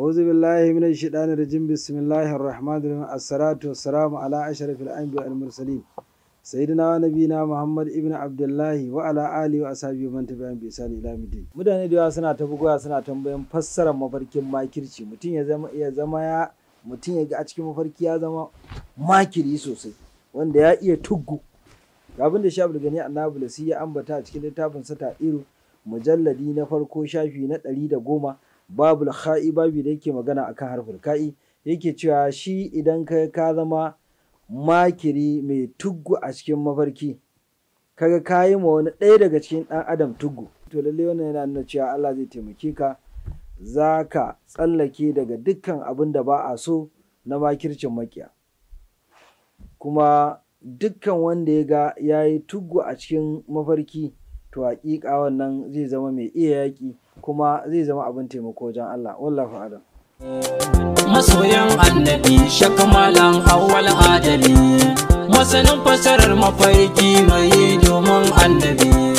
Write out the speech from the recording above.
أعوذ بالله من الشيطان الرجيم بسم الله الرحمن الرحيم الصلاة والسلام على أشرف الأنبياء والمرسلين سيدنا ونبينا محمد ابن عبد الله وعلى آله وأصحابه من تبعهم بإحسان إلى يوم الدين mutane da yawa suna ta bugawa suna tambayan fassarar mafarkin makirci mutum ya zama ya zama ya ga a cikin mafarki ya zama makiri sosai wanda ya iya tuggu abin da Shabul Gani Annabulasi ya ambata a cikin littafin sa Ta'iru mujalladi na farko shafi na ɗari da goma babu ka'i babu da yake magana a kan harfin ka'i yake cewa shi idan ka ka zama makiri mai tuggu a cikin mafarki kaga ka yi ma wani ɗaya daga cikin ɗan adam tuggu to lalle wannan yana nuna cewa Allah zai taimake ka za ka tsallake daga dukkan abin da ba a so na makircin makiya kuma dukkan wanda ya ga ya yi tuggu a cikin mafarki to hakika wannan zai zama mai iya yaƙi kuma zai zama abin taimako wajen Allah wallahu a'lam masoyan annabi shakamalan awwal adali masanin fasarar mafarki mai domin annabi